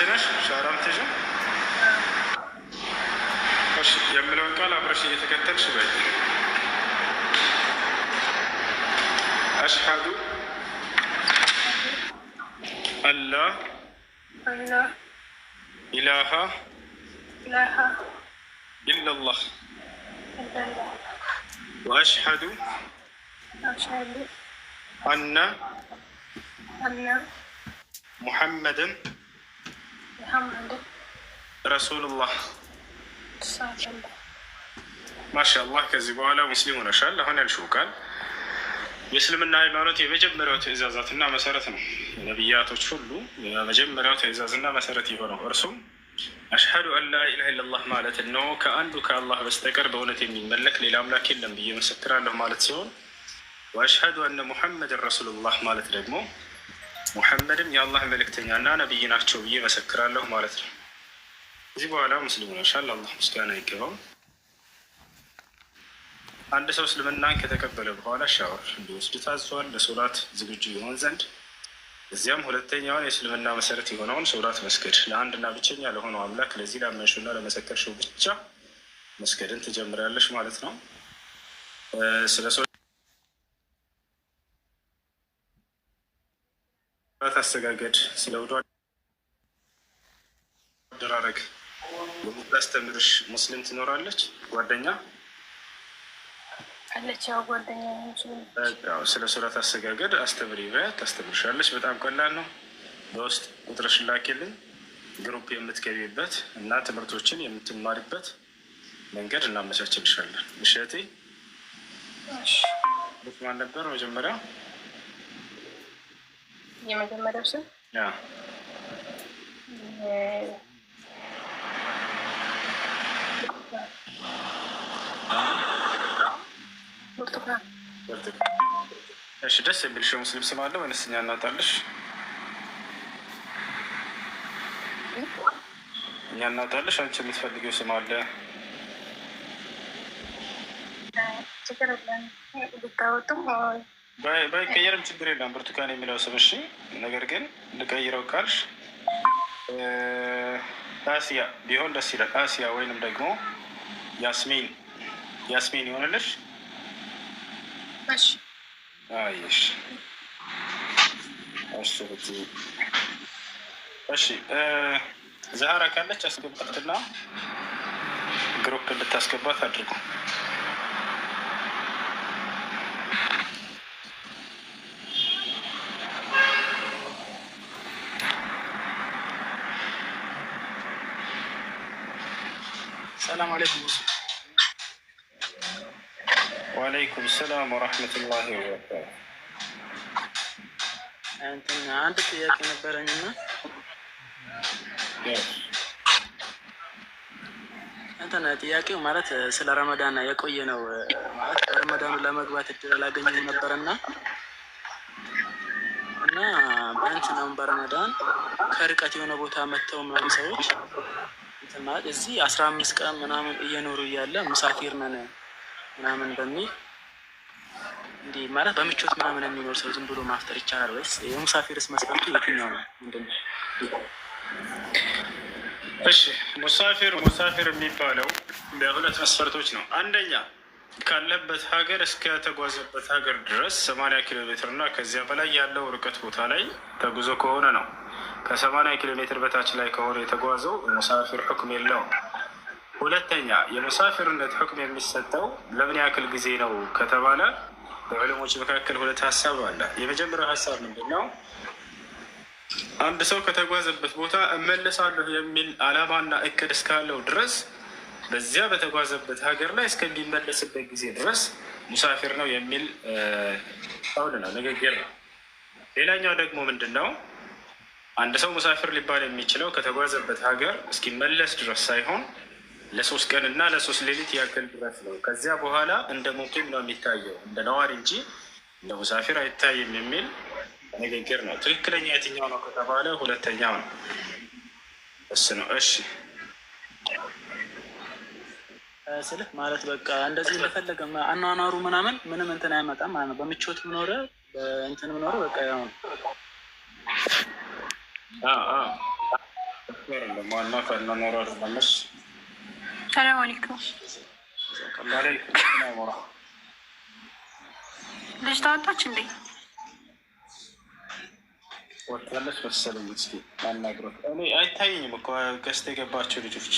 አንቺ ነሽ ሻራም ትዥ የምለውን ቃል አብረሽ እየተከተልሽ በይ። አሽሃዱ አላ ኢላሃ ኢለላህ ወአሽሃዱ አና ሙሐመድን ረሱሉላህ ማሻአላህ። ከዚህ በኋላ ሙስሊም ሆነሻል። አሁን ያልሽው ቃል የእስልምና ሃይማኖት የመጀመሪያው ትዕዛዛትና መሰረት ነው። የነቢያቶች ሁሉ የመጀመሪያው ትዕዛዝና መሰረት የሆነው እርሱም አሽሀዱ አን ላኢላሃ ኢለላህ ማለት ነው። ከአንዱ ከአላህ በስተቀር በእውነት የሚመለክ ሌላ አምላክ የለም ብዬ መሰክራለሁ ማለት ሲሆን፣ ወአሽሀዱ አነ ሙሐመድን ረሱሉላህ ማለት ደግሞ ሙሐመድም የአላህ መልእክተኛና ነቢይ ናቸው ብዬ መሰክራለሁ ማለት ነው። ከዚህ በኋላ ሙስሊም ሆነሻል፣ አላህ ምስጋና ይገባው። አንድ ሰው እስልምናን ከተቀበለ በኋላ ሻወር እንዲወስድ ታዟል፣ ለሶላት ዝግጁ ይሆን ዘንድ። እዚያም ሁለተኛውን የእስልምና መሰረት የሆነውን ሶላት መስገድ፣ ለአንድና ብቸኛ ለሆነው አምላክ ለዚህ ላመንሽውና ለመሰከርሽው ብቻ መስገድን ትጀምሪያለሽ ማለት ነው። አሰጋገድ፣ ስለ ውዶ አደራረግ በምታስተምርሽ ሙስሊም ትኖራለች ጓደኛ አለች። ያው ጓደኛ ስለ ሶላት አሰጋገድ አስተምሪ በያት፣ ታስተምርሻለች። በጣም ቀላል ነው። በውስጥ ቁጥርሽን ላኪልኝ። ግሩፕ የምትገቢበት እና ትምህርቶችን የምትማሪበት መንገድ እናመቻችልሻለን። እሸቴ ልማን ነበር መጀመሪያ የመጀመሪያው ስም እሺ፣ ደስ የሚልሽ ሙስሊም ስም አለ ወይንስ እኛ እናውጣልሽ? እኛ እናውጣልሽ? አንቺ የምትፈልጊው ስም አለ? ችግር የለም ብታወጡም ባይቀየርም ችግር የለም ብርቱካን የሚለው ስም እሺ። ነገር ግን ልቀይረው ካልሽ አሲያ ቢሆን ደስ ይላል። አሲያ ወይንም ደግሞ ያስሚን ያስሚን ይሆንልሽ። አይሽ እሺ። ዛህራ ካለች አስገባትና ግሩፕ እንድታስገባት አድርጉ። ሰላም አለይኩም። ወአለይኩም ሰላም ወረህመቱላሂ ወበረካቱ። አንድ ጥያቄ ነበረኝና እንትን ጥያቄው ማለት ስለ ረመዳን የቆየ ነው። ረመዳኑ ለመግባት እድል አላገኘሁም ነበርና እና በእንት ነው በረመዳን ከርቀት የሆነ ቦታ መጥተው ምናምን ሰዎች ማለት እዚህ አስራ አምስት ቀን ምናምን እየኖሩ እያለ ሙሳፊር ነን ምናምን በሚል እንዲህ ማለት በምቾት ምናምን የሚኖር ሰው ዝም ብሎ ማፍጠር ይቻላል ወይስ የሙሳፊርስ መስፈርቱ የትኛው ነው? ምንድን ነው? እሺ ሙሳፊር ሙሳፊር የሚባለው በሁለት መስፈርቶች ነው። አንደኛ ካለበት ሀገር እስከ ተጓዘበት ሀገር ድረስ ሰማንያ ኪሎ ሜትር እና ከዚያ በላይ ያለው ርቀት ቦታ ላይ ተጉዞ ከሆነ ነው። ከሰማንያ ኪሎ ሜትር በታች ላይ ከሆነ የተጓዘው ሙሳፊር ሕክም የለውም። ሁለተኛ የሙሳፊርነት ሕክም የሚሰጠው ለምን ያክል ጊዜ ነው ከተባለ በዕለሞች መካከል ሁለት ሀሳብ አለ። የመጀመሪያው ሀሳብ ምንድን ነው? አንድ ሰው ከተጓዘበት ቦታ እመለሳለሁ የሚል አላማና እቅድ እስካለው ድረስ በዚያ በተጓዘበት ሀገር ላይ እስከሚመለስበት ጊዜ ድረስ ሙሳፊር ነው የሚል ቀውል ነው፣ ንግግር ነው። ሌላኛው ደግሞ ምንድን ነው አንድ ሰው ሙሳፊር ሊባል የሚችለው ከተጓዘበት ሀገር እስኪመለስ ድረስ ሳይሆን ለሶስት ቀንና ለሶስት ሌሊት ያክል ድረስ ነው። ከዚያ በኋላ እንደ ሙቂም ነው የሚታየው እንደ ነዋሪ እንጂ እንደ ሙሳፊር አይታይም የሚል ንግግር ነው። ትክክለኛ የትኛው ነው ከተባለ ሁለተኛው ነው። እስ ነው። እሺ ስልህ ማለት በቃ እንደዚህ እንደፈለገ አኗኗሩ ምናምን ምንም እንትን አይመጣም ማለት ነው። በምቾት ምኖረ በእንትን ምኖረ በቃ ያው ነው። ሰላም ah, አለይኩም። ah. ልጅ ተወጣች እንዴ? ወታለች መሰለኝ። እስኪ አናግሮት። እኔ አይታይኝም እኮ ገስት የገባቸው ልጆች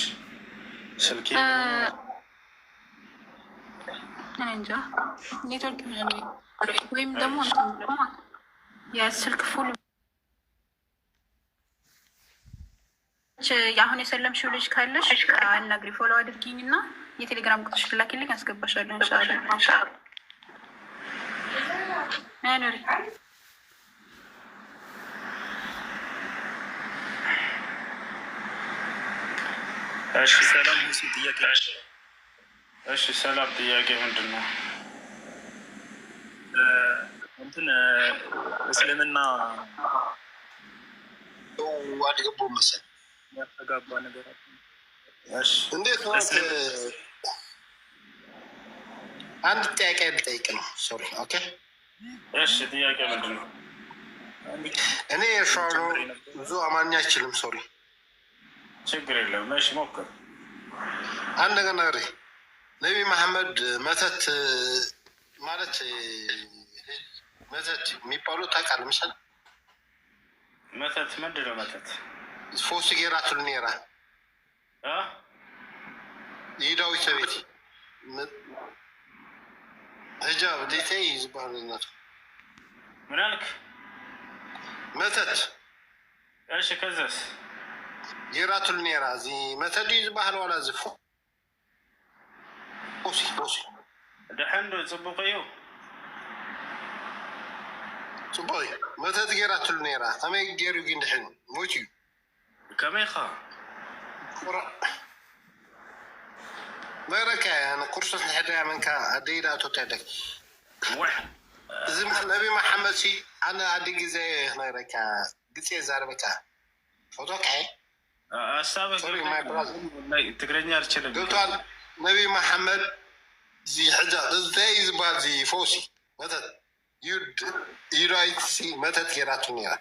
ስልኬ ኔትወርክ ወይም ደግሞ የስልክ ፉል አሁን የሰለምሽው ልጅ ካለሽ አናግሪ፣ ፎሎ አድርጊኝ እና የቴሌግራም ቁጥርሽ ላኪልኝ፣ አስገባሻለሁ። እንሻላ ኑሪ እሺ ሰላም ጥያቄ እሺ ሰላም ጥያቄ ምንድን ነው እንትን እስልምና አልገባሁም መሰለኝ ያስተጋባ ነገር እንዴት ነው? አንድ ጥያቄ ልጠይቅ ነው። ሶሪ ኦኬ። እሺ ጥያቄ ምንድን ነው? እኔ ሻሎ ብዙ አማርኛ አይችልም። ሶሪ ችግር የለም። እሺ ሞክር። አንድ ነገር ነገር ነቢ መሐመድ መተት ማለት መተት የሚባሉት ታውቃለህ? ምሳሌ መተት ምንድን ነው መተት ሶስት ጌራችን ኔራ ይህ ዳዊት ቤት ህጃብ ዴቴ ይዝባልነቱ ምን አልክ? መተት እሺ። ከዘስ ጌራቱል ኔራ እዚ መተት ይዝባሃል ዋላ ዝፎ ሲ ሲ ድሕንዶ ፅቡቅ እዩ ፅቡቅ እዩ መተት ጌራቱል ኔራ ከመይ ገይሩ ግን ድሕን ሞት እዩ كاميخا كرة يا أنا كرسة حدا منك أدينا تتعدك وح زي النبي محمد شي أنا أدي زي غيرك قلت زاربك فوتوك عي أستاذ سوري ماي تقريني أرشلك قلت نبي محمد زي حجة زي زبال زي فوسي مدد you you right مدد متى تيراتوني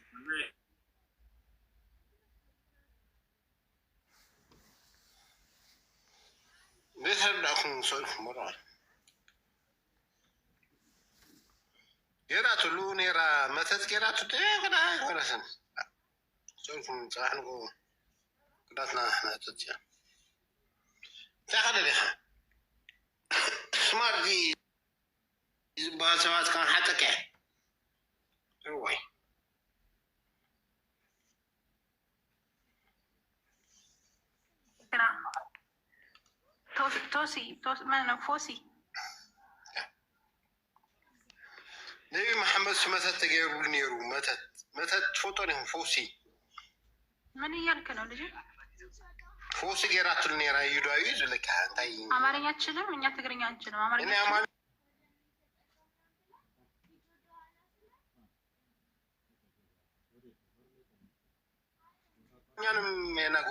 ليه هبدأكم مسؤولكم مرة واحدة ጌራትሉ ኔራ መተት ጌራቱ ደቅና ይኮነትን ሰልኩም ፀሓንኩ ቅዳትና መተት እያ እንታይ ሓደ ዲኻ ስማርዚ ዝበሃል ሰባት ካብ ሓጠቀ ወይ ቶሲ ማነው? ፎሲ ነቢ መሐመድ መተት ተገይሩ ነይሩ መተት መተት ፎቶ ነው። ፎሲ ምን እያልክ ነው ልጅ? ፎሲ ጌራ ኔራ ዩዳዊ ይዳዩ ዝልካ እንታይ አማርኛ አችልም፣ እኛ ትግርኛ አንችልም። አማርኛ እኛንም ያናጎ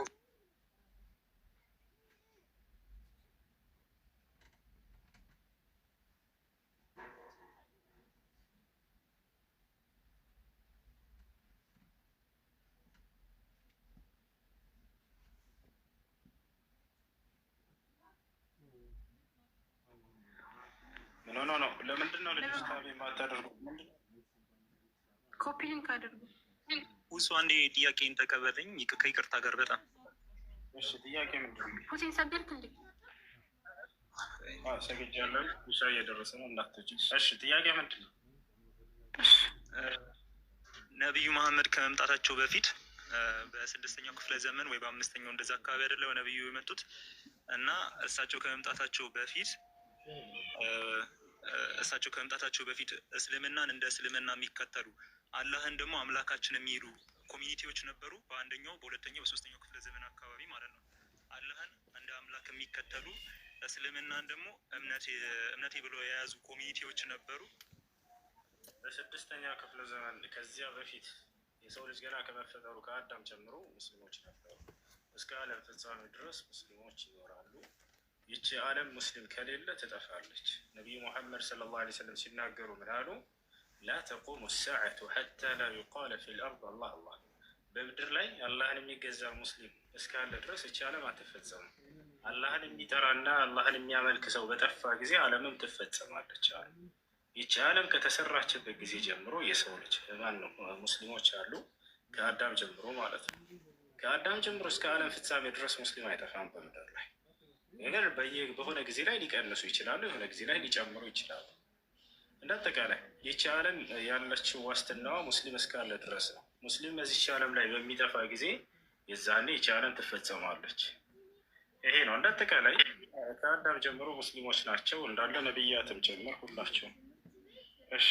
ኖ ኖ፣ ለምንድን ነው ለዲስታብ የማታደርጉ? ኮፒ ሊንክ አድርጉ። ውሱ አንዴ ጥያቄን ተቀበለኝ ከይቅርታ ጋር በጣም እሺ። ጥያቄ ምንድን ነው? ሁሴን ሰገድክ እንዴ? ሰግጃለሁ። ውሻ እየደረሰ ነው እንዳትወጪ። እሺ፣ ጥያቄ ምንድን ነው? ነቢዩ መሐመድ ከመምጣታቸው በፊት በስድስተኛው ክፍለ ዘመን ወይ በአምስተኛው እንደዛ አካባቢ አይደለው ነቢዩ የመጡት እና እሳቸው ከመምጣታቸው በፊት እሳቸው ከመምጣታቸው በፊት እስልምናን እንደ እስልምና የሚከተሉ አላህን ደግሞ አምላካችን የሚሄዱ ኮሚኒቲዎች ነበሩ። በአንደኛው፣ በሁለተኛው፣ በሶስተኛው ክፍለ ዘመን አካባቢ ማለት ነው። አላህን እንደ አምላክ የሚከተሉ እስልምናን ደግሞ እምነቴ ብሎ የያዙ ኮሚኒቲዎች ነበሩ። በስድስተኛ ክፍለ ዘመን ከዚያ በፊት የሰው ልጅ ገና ከመፈጠሩ ከአዳም ጀምሮ ሙስሊሞች ነበሩ። እስከ ዓለም ፍጻሜ ድረስ ሙስሊሞች ይኖራሉ። ይቺ ዓለም ሙስሊም ከሌለ ትጠፋለች። ነቢዩ ሙሐመድ ሰለላሁ ዓለይሂ ወሰለም ሲናገሩ ምን አሉ? ላ ተቁሙ ሰዓቱ ሐታ ላ ዩቃለ ፊል አርድ አላህ አላህ። በምድር ላይ አላህን የሚገዛ ሙስሊም እስካለ ድረስ እቺ ዓለም አትፈጸምም። አላህን የሚጠራና አላህን የሚያመልክ ሰው በጠፋ ጊዜ ዓለምም ትፈጸማለች አሉ። ይቺ ዓለም ከተሰራችበት ጊዜ ጀምሮ የሰው ልጅ ማን ነው ሙስሊሞች አሉ ከአዳም ጀምሮ ማለት ነው። ከአዳም ጀምሮ እስከ ዓለም ፍጻሜ ድረስ ሙስሊም አይጠፋም በምድር ላይ ነገር በሆነ ጊዜ ላይ ሊቀንሱ ይችላሉ፣ የሆነ ጊዜ ላይ ሊጨምሩ ይችላሉ። እንደ አጠቃላይ ይቺ ዓለም ያለችው ዋስትናዋ ሙስሊም እስካለ ድረስ ነው። ሙስሊም በዚች ዓለም ላይ በሚጠፋ ጊዜ የዛኔ ይቺ ዓለም ትፈጸማለች። ይሄ ነው እንደ አጠቃላይ ከአዳም ጀምሮ ሙስሊሞች ናቸው እንዳለ ነብያትም ጀምር ሁላቸው። እሺ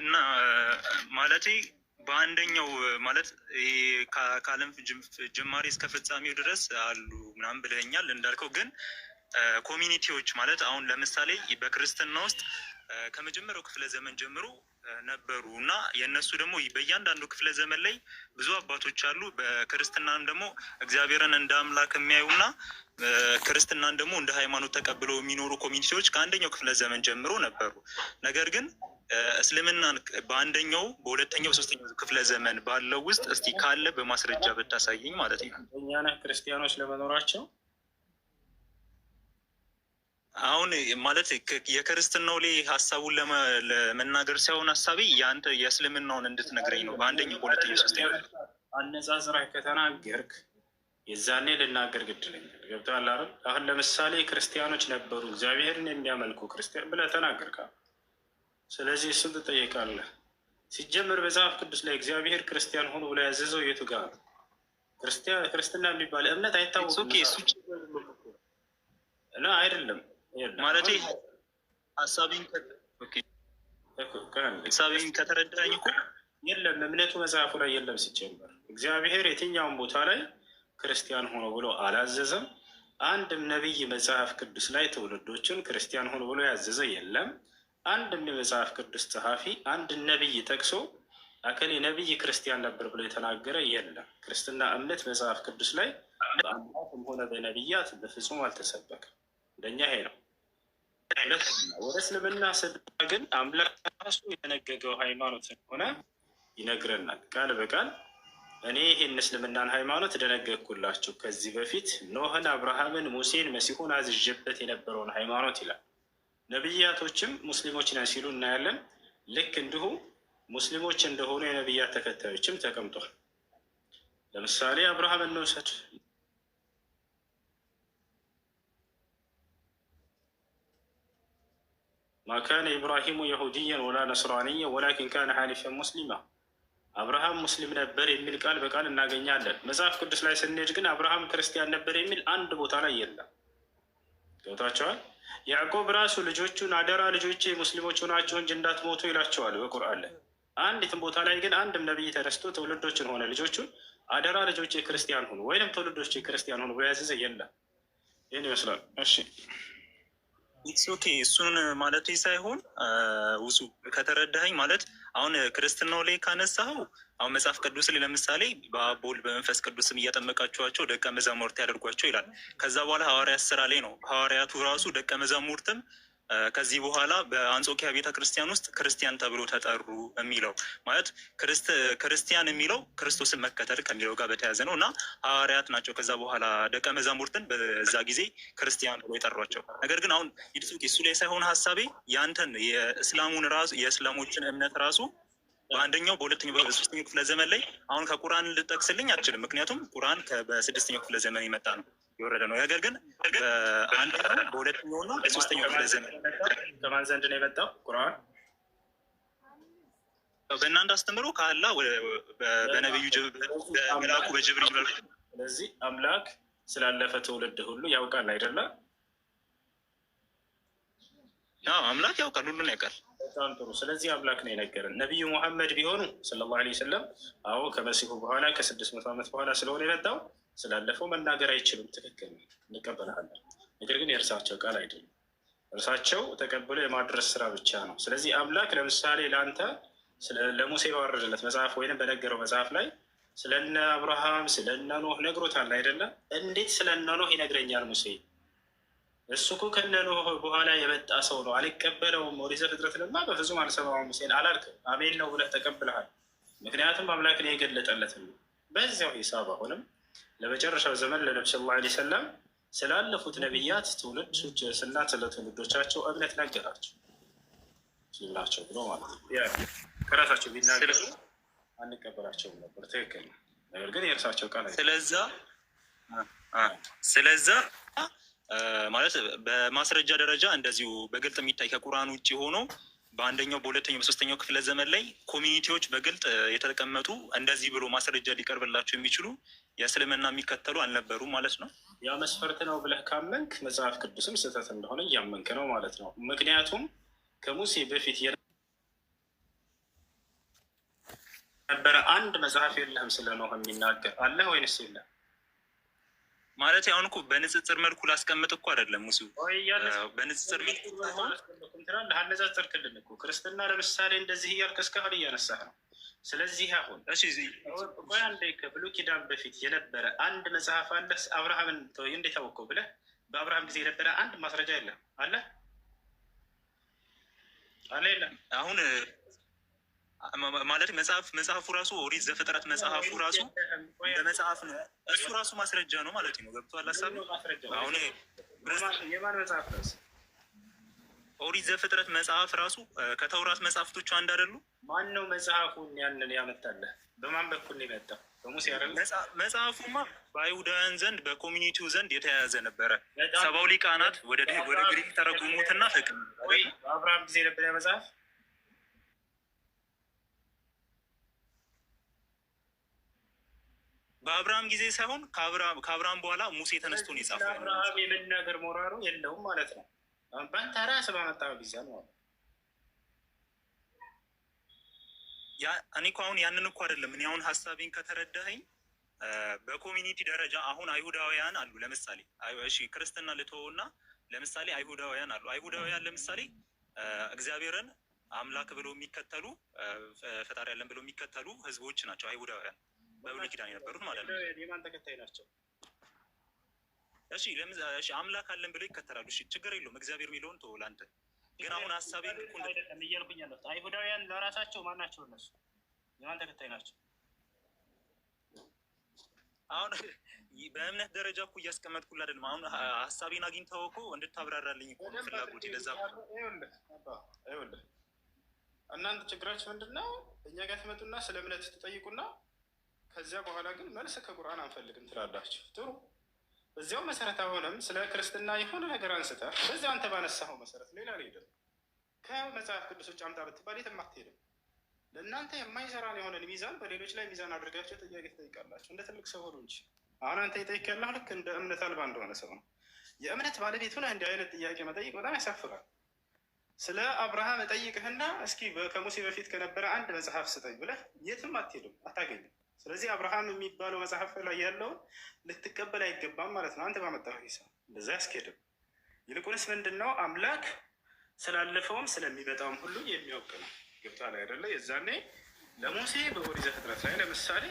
እና ማለቴ በአንደኛው ማለት ከአለም ጅማሬ እስከ ፍጻሜው ድረስ አሉ ምናምን ብለኛል። እንዳልከው ግን ኮሚኒቲዎች ማለት አሁን ለምሳሌ በክርስትና ውስጥ ከመጀመሪያው ክፍለ ዘመን ጀምሮ ነበሩ እና የእነሱ ደግሞ በእያንዳንዱ ክፍለ ዘመን ላይ ብዙ አባቶች አሉ። በክርስትናም ደግሞ እግዚአብሔርን እንደ አምላክ የሚያዩና ክርስትናን ደግሞ እንደ ሃይማኖት ተቀብለው የሚኖሩ ኮሚኒቲዎች ከአንደኛው ክፍለ ዘመን ጀምሮ ነበሩ። ነገር ግን እስልምናን በአንደኛው፣ በሁለተኛው፣ በሶስተኛው ክፍለ ዘመን ባለው ውስጥ እስቲ ካለ በማስረጃ ብታሳየኝ ማለት ነው ክርስቲያኖች ለመኖራቸው አሁን ማለት የክርስትናው ላይ ሀሳቡን ለመናገር ሳይሆን ሀሳቤ የአንተ የእስልምናውን እንድትነግረኝ ነው። በአንደኛ ሁለተኛ ሶስተኛ አነጻጽራ ከተናገርክ የዛኔ ልናገር ግድለኛል። ገብቶሃል አይደል? አሁን ለምሳሌ ክርስቲያኖች ነበሩ እግዚአብሔርን የሚያመልኩ ክርስቲያን ብለህ ተናገርካ። ስለዚህ እሱን ትጠየቃለህ። ሲጀምር መጽሐፍ ቅዱስ ላይ እግዚአብሔር ክርስቲያን ሆኖ ብሎ ያዘዘው የቱ ጋር ክርስትና የሚባል እምነት አይታወቅም እና አይደለም ማለት ሀሳቤን ከተረዳኝ እኮ የለም እምነቱ መጽሐፉ ላይ የለም። ሲጀመር እግዚአብሔር የትኛውን ቦታ ላይ ክርስቲያን ሆኖ ብሎ አላዘዘም። አንድም ነቢይ መጽሐፍ ቅዱስ ላይ ትውልዶችን ክርስቲያን ሆኖ ብሎ ያዘዘ የለም። አንድም የመጽሐፍ ቅዱስ ጸሐፊ አንድ ነቢይ ጠቅሶ አከሌ ነቢይ ክርስቲያን ነበር ብሎ የተናገረ የለም። ክርስትና እምነት መጽሐፍ ቅዱስ ላይ በአምላክም ሆነ በነቢያት በፍጹም አልተሰበከም። እንደኛ ይሄ ነው። አይነት ወደ እስልምና ስድራ ግን አምላክ ራሱ የደነገገው ሃይማኖት እንደሆነ ይነግረናል ቃል በቃል እኔ ይህን እስልምናን ሃይማኖት ደነገግኩላችሁ ከዚህ በፊት ኖህን፣ አብርሃምን፣ ሙሴን፣ መሲሁን አዝዤበት የነበረውን ሃይማኖት ይላል። ነብያቶችም ሙስሊሞች ነን ሲሉ እናያለን። ልክ እንዲሁ ሙስሊሞች እንደሆኑ የነብያት ተከታዮችም ተቀምጧል። ለምሳሌ አብርሃምን እንውሰድ። ማካነ ኢብራሂሙ የሁድየን ወላ ነስራንየን ወላኪን ካነ ሐኒፈን ሙስሊማ አብርሃም ሙስሊም ነበር የሚል ቃል በቃል እናገኛለን። መጽሐፍ ቅዱስ ላይ ስንሄድ ግን አብርሃም ክርስቲያን ነበር የሚል አንድ ቦታ ላይ የለም። ገብታቸዋል። ያዕቆብ ራሱ ልጆቹን አደራ ልጆቼ ሙስሊሞች ሆናችሁ እንጂ እንዳትሞቱ ይላቸዋል በቁርአን ላይ። አንዲትም ቦታ ላይ ግን አንድም ነቢይ ተነስቶ ትውልዶችን ሆነ ልጆቹን አደራ ልጆቼ ክርስቲያን ሁኑ ወይም ትውልዶች ክርስቲያን ሁኑ ያዘዘ የለም። ይህን ይመስላል። እሺ ኦኬ እሱን ማለት ሳይሆን ውሱ ከተረዳኸኝ ማለት አሁን ክርስትናው ላይ ካነሳኸው አሁን መጽሐፍ ቅዱስ ላይ ለምሳሌ በአብ በወልድ በመንፈስ ቅዱስም እያጠመቃችኋቸው ደቀ መዛሙርት ያደርጓቸው ይላል። ከዛ በኋላ ሐዋርያት ስራ ላይ ነው ሐዋርያቱ ራሱ ደቀ መዛሙርትም ከዚህ በኋላ በአንጾኪያ ቤተ ክርስቲያን ውስጥ ክርስቲያን ተብሎ ተጠሩ የሚለው ማለት ክርስቲያን የሚለው ክርስቶስን መከተል ከሚለው ጋር በተያያዘ ነው እና ሐዋርያት ናቸው ከዛ በኋላ ደቀ መዛሙርትን በዛ ጊዜ ክርስቲያን ብሎ የጠሯቸው። ነገር ግን አሁን ይድሱቅ እሱ ላይ ሳይሆን ሀሳቤ ያንተን የእስላሙን ራሱ የእስላሞችን እምነት ራሱ በአንደኛው በሁለተኛው በሶስተኛው ክፍለ ዘመን ላይ አሁን ከቁርአን ልጠቅስልኝ አችልም ምክንያቱም ቁርአን በስድስተኛው ክፍለ ዘመን የመጣ ነው። የወረደ ነው። ነገር ግን በአንድ በአንደኛው በሁለተኛውና በሶስተኛው ክፍለ ዘመን ከማን ዘንድ ነው የመጣው ቁርአን? በእናንተ አስተምሮ ከአላ በነቢዩ መላኩ በጅብሪ ስለዚህ አምላክ ስላለፈ ትውልድ ሁሉ ያውቃል አይደለም? አምላክ ያውቃል፣ ሁሉን ያውቃል። በጣም ጥሩ። ስለዚህ አምላክ ነው የነገረን። ነቢዩ ሙሐመድ ቢሆኑ ሰለላሁ ዐለይሂ ወሰለም አዎ ከመሲሁ በኋላ ከስድስት መቶ ዓመት በኋላ ስለሆነ የመጣው ስላለፈው መናገር አይችሉም። ትክክል እንቀበላለ። ነገር ግን የእርሳቸው ቃል አይደለም። እርሳቸው ተቀብሎ የማድረስ ስራ ብቻ ነው። ስለዚህ አምላክ ለምሳሌ ለአንተ ለሙሴ ባወረደለት መጽሐፍ ወይም በነገረው መጽሐፍ ላይ ስለነ አብርሃም ስለነ ኖህ ነግሮታል አይደለም? እንዴት ስለነ ኖህ ይነግረኛል ሙሴ እሱ እኮ ከነኖህ በኋላ የመጣ ሰው ነው። አልቀበለውም። ኦሪት ለማ በፍጹም አልሰማውም። ሙሴን አላልክም። አሜን ነው ብለህ ተቀብለሃል። ምክንያቱም አምላክን የገለጠለት በዚያው ሂሳብ አሁንም ለመጨረሻው ዘመን ለነብስ ላ ለ ሰላም ስላለፉት ነቢያት ትውልድ ስና ስለ ትውልዶቻቸው እምነት ነገራቸው ላቸው ብሎ ማለት ነው። ከራሳቸው ቢናገሩ አንቀበላቸውም ነበር። ትክክል ነገር ግን የእርሳቸው ቃል ስለዛ ስለዛ ማለት በማስረጃ ደረጃ እንደዚሁ በግልጽ የሚታይ ከቁርአን ውጭ ሆኖ በአንደኛው በሁለተኛው በሶስተኛው ክፍለ ዘመን ላይ ኮሚኒቲዎች በግልጥ የተቀመጡ እንደዚህ ብሎ ማስረጃ ሊቀርብላቸው የሚችሉ የእስልምና የሚከተሉ አልነበሩም ማለት ነው። ያ መስፈርት ነው ብለህ ካመንክ መጽሐፍ ቅዱስም ስህተት እንደሆነ እያመንክ ነው ማለት ነው። ምክንያቱም ከሙሴ በፊት የነበረ አንድ መጽሐፍ የለህም ስለኖህ የሚናገር አለህ ወይንስ የለም? ማለት አሁን እኮ በንጽጽር መልኩ ላስቀምጥ እኮ አይደለም ሙሲ በንጽጽር መልኩ ላነጻጽር ክልል እኮ ክርስትና ለምሳሌ እንደዚህ እያልክ እስካሁን እያነሳህ ነው። ስለዚህ አሁን ቆይ አንዴ ከብሉይ ኪዳን በፊት የነበረ አንድ መጽሐፍ አለ አብርሃምን እንዴት አወቀው ብለህ በአብርሃም ጊዜ የነበረ አንድ ማስረጃ የለም አለ አለ የለም አሁን ማለት መጽሐፍ መጽሐፉ ራሱ ኦሪት ዘፍጥረት መጽሐፉ ራሱ በመጽሐፍ ነው እሱ ራሱ ማስረጃ ነው ማለት ነው። ገብቶሃል ሀሳብ አሁን የማን መጽሐፍ ነው? ኦሪት ዘፍጥረት መጽሐፍ ራሱ ከተውራት መጽሐፍቶቹ አንድ አይደሉ? ማን ነው መጽሐፉን ያንን ያመጣልህ? በማን በኩል ነው የመጣው? በሙሴ አይደለ? መጽሐፉማ በአይሁዳውያን ዘንድ በኮሚኒቲው ዘንድ የተያያዘ ነበረ። ሰባው ሊቃናት ወደ ግሪክ ተረጉሙትና ፍቅም በአብርሃም ጊዜ ነበር ያ መጽሐፍ በአብርሃም ጊዜ ሳይሆን ከአብርሃም በኋላ ሙሴ ተነስቶ ነው የጻፈው። አብርሃም የመናገር ሞራሩ የለውም ማለት ነው። በአንተ ራስ በመጣ ጊዜ ነው። እኔ እኮ አሁን ያንን እኮ አይደለም። እኔ አሁን ሀሳቤን ከተረዳኸኝ በኮሚኒቲ ደረጃ አሁን አይሁዳውያን አሉ። ለምሳሌ እሺ፣ ክርስትና ልትሆና ለምሳሌ አይሁዳውያን አሉ። አይሁዳውያን ለምሳሌ እግዚአብሔርን አምላክ ብሎ የሚከተሉ ፈጣሪ ያለን ብሎ የሚከተሉ ህዝቦች ናቸው አይሁዳውያን በብሉይ ኪዳን የነበሩት ማለት ነው። የማን ተከታይ ናቸው? እሺ አምላክ አለን ብለው ይከተላሉ። እሺ ችግር የለውም። እግዚአብሔር የሚለውን ተወው። ለአንተ ግን አሁን ሀሳቤ አይደለም እያልኩኝ ያለሁት አይሁዳውያን ለራሳቸው ማን ናቸው? እነሱ የማን ተከታይ ናቸው? አሁን በእምነት ደረጃ እኮ እያስቀመጥኩልህ አይደለም። አሁን ሀሳቤን አግኝተኸው እኮ እንድታብራራልኝ እኮ ፍላጎት ለዛ እናንተ ችግራችሁ ምንድን ነው? እኛ ጋር ትመጡና ስለ እምነት ትጠይቁና ከዚያ በኋላ ግን መልስ ከቁርአን አንፈልግም ትላላችሁ። ጥሩ እዚያው መሰረት አሁንም ስለ ክርስትና የሆነ ነገር አንስተ በዚያ አንተ ባነሳኸው መሰረት ሌላ ሄድም ከመጽሐፍ ቅዱስ ውጭ አምጣ ብትባል የትም አትሄድም። ለእናንተ የማይሰራን የሆነን ሚዛን በሌሎች ላይ ሚዛን አድርጋቸው ጥያቄ ትጠይቃላችሁ። እንደ ትልቅ ሰው ሆኑ እንጂ አሁን አንተ የጠይቅ ልክ እንደ እምነት አልባ እንደሆነ ሰው ነው። የእምነት ባለቤት ሆነህ እንዲህ አይነት ጥያቄ መጠይቅ በጣም ያሳፍራል። ስለ አብርሃም እጠይቅህና እስኪ ከሙሴ በፊት ከነበረ አንድ መጽሐፍ ስጠኝ ብለህ የትም አትሄድም፣ አታገኝም። ስለዚህ አብርሃም የሚባለው መጽሐፍ ላይ ያለውን ልትቀበል አይገባም ማለት ነው። አንተ ባመጣው ሰ እንደዛ ያስኬድም። ይልቁንስ ምንድን ነው አምላክ ስላለፈውም ስለሚመጣውም ሁሉ የሚያውቅ ነው። ግብታ ላይ አይደለ? የዛኔ ለሙሴ በኦሪት ዘፍጥረት ላይ ለምሳሌ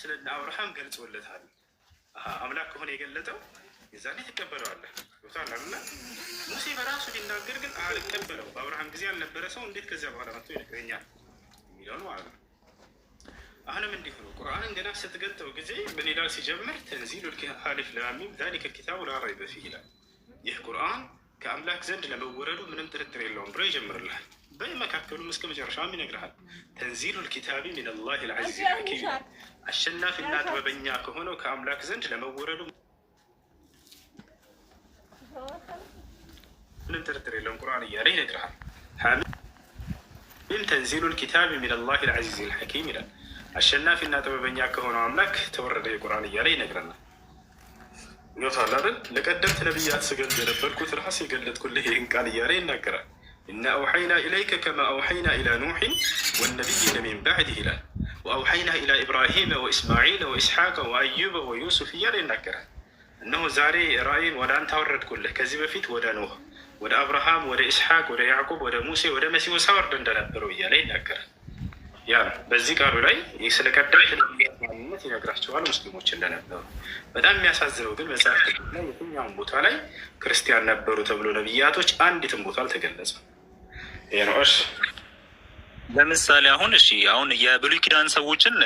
ስለ አብርሃም ገልጾለታል። አምላክ ከሆነ የገለጠው የዛኔ ትቀበለዋለህ። ግብታ ሙሴ በራሱ ቢናገር ግን አልቀበለው በአብርሃም ጊዜ ያልነበረ ሰው እንዴት ከዚያ በኋላ መጥቶ ይነግረኛል የሚለውን ማለት ነው العالم عندهم القرآن عندنا ستقلت وقزي بني لا سيجمر تنزيل الكهالف لاميم ذلك الكتاب لا ريب فيه لا يه قرآن كأملاك زند لما وردوا من انتر الترين لهم بري جمر الله بأي ما كاكلوا مسك مجرشان من اقرح تنزيل الكتاب من الله العزيز الحكيم عشنا في النادو بنياك هنا كأملاك زند لما وردوا من انتر الترين لهم قرآن يارين اقرح حامل تنزيل الكتاب من الله العزيز الحكيم لأ አሸናፊና ጥበበኛ ከሆነው አምላክ ተወረደ የቁርአን እያለ ይነግረናል። ገብቷል ለቀደምት ነቢያት ስገልጽ የነበርኩት ራስ የገለጥኩልህ ይህን ቃል እያለ ይናገራል። እና አውሐይና ኢለይከ ከማ አውሐይና ኢላ ኑሕን ወነቢይነ ሚን ባዕድህ ይላል። ወአውሐይና ኢላ ኢብራሂመ ወእስማዒል ወኢስሐቀ ወአዩበ ወዩሱፍ እያለ ይናገራል። እነሆ ዛሬ ራእይን ወደ አንተ አወረድኩልህ። ከዚህ በፊት ወደ ኖህ፣ ወደ አብርሃም፣ ወደ ኢስሐቅ፣ ወደ ያዕቁብ፣ ወደ ሙሴ፣ ወደ መሲሁ ሳወርድ እንደነበረው እያለ ይናገራል። ያ በዚህ ቃሉ ላይ ስለ ቀዳይ ማንነት ይነግራቸዋል ሙስሊሞች እንደነበሩ። በጣም የሚያሳዝነው ግን መጽሐፍ ቅዱስ ላይ የትኛውን ቦታ ላይ ክርስቲያን ነበሩ ተብሎ ነብያቶች አንዲትም ቦታ አልተገለጸም። ይህ ነው እርስ ለምሳሌ አሁን እሺ አሁን የብሉይ ኪዳን ሰዎችን